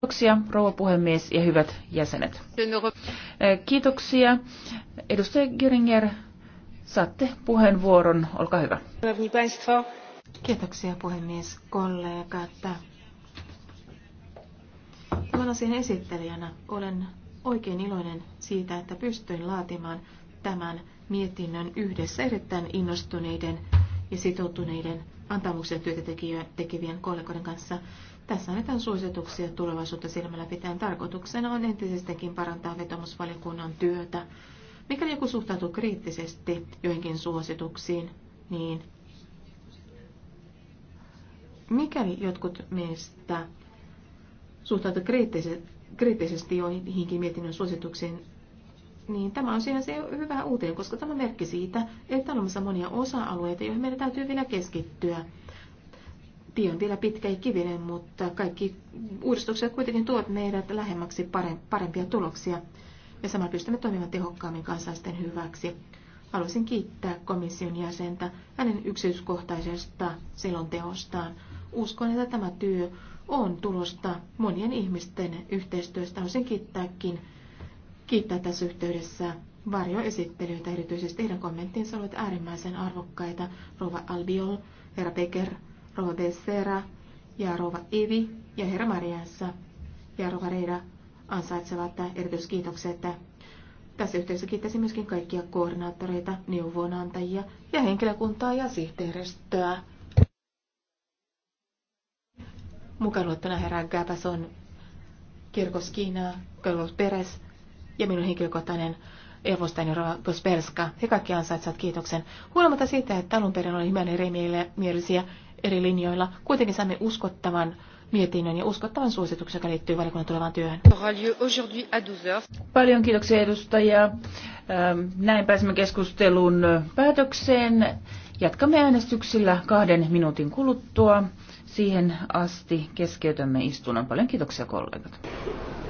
Kiitoksia, rouva puhemies ja hyvät jäsenet. Kiitoksia. Edustaja Göringer, saatte puheenvuoron. Olkaa hyvä. Kiitoksia puhemies, kollegat. Tämän asian esittelijänä olen oikein iloinen siitä, että pystyin laatimaan tämän mietinnön yhdessä erittäin innostuneiden ja sitoutuneiden antamuksia työtä tekevien kollegoiden kanssa. Tässä annetaan suosituksia tulevaisuutta silmällä pitäen. Tarkoituksena on entisestäkin parantaa vetomusvaliokunnan työtä. Mikäli joku suhtautuu kriittisesti joihinkin suosituksiin, niin mikäli jotkut meistä suhtautuu kriittisesti joihinkin mietinnön suosituksiin, niin, tämä on sinänsä hyvä uutinen, koska tämä merkki siitä, että on olemassa monia osa-alueita, joihin meidän täytyy vielä keskittyä. Tie on vielä pitkä ja kivinen, mutta kaikki uudistukset kuitenkin tuovat meidät lähemmäksi parempia tuloksia. Ja samalla pystymme toimimaan tehokkaammin kansalaisten hyväksi. Haluaisin kiittää komission jäsentä hänen yksityiskohtaisesta selonteostaan. Uskon, että tämä työ on tulosta monien ihmisten yhteistyöstä. Haluaisin kiittääkin kiittää tässä yhteydessä varjoesittelyitä erityisesti. Heidän kommenttinsa olivat äärimmäisen arvokkaita. Rova Albiol, herra Becker, Rova Bessera ja Rova Evi ja herra Mariansa ja Rova Reira ansaitsevat erityiskiitokset. Tässä yhteydessä kiittäisin myöskin kaikkia koordinaattoreita, neuvonantajia ja henkilökuntaa ja sihteeristöä. Mukaan luettuna herra Gabason, Kirkos Kiinaa, Carlos Perez, ja minun henkilökohtainen Evostain ja Gosperska. He kaikki ansaitsevat kiitoksen. Huolimatta siitä, että alun perin oli hyvän eri mielisiä eri linjoilla, kuitenkin saimme uskottavan mietinnön ja uskottavan suosituksen, joka liittyy valiokunnan tulevaan työhön. Paljon kiitoksia edustajia. Ähm, näin pääsemme keskustelun äh, päätökseen. Jatkamme äänestyksillä kahden minuutin kuluttua. Siihen asti keskeytämme istunnon. Paljon kiitoksia kollegat.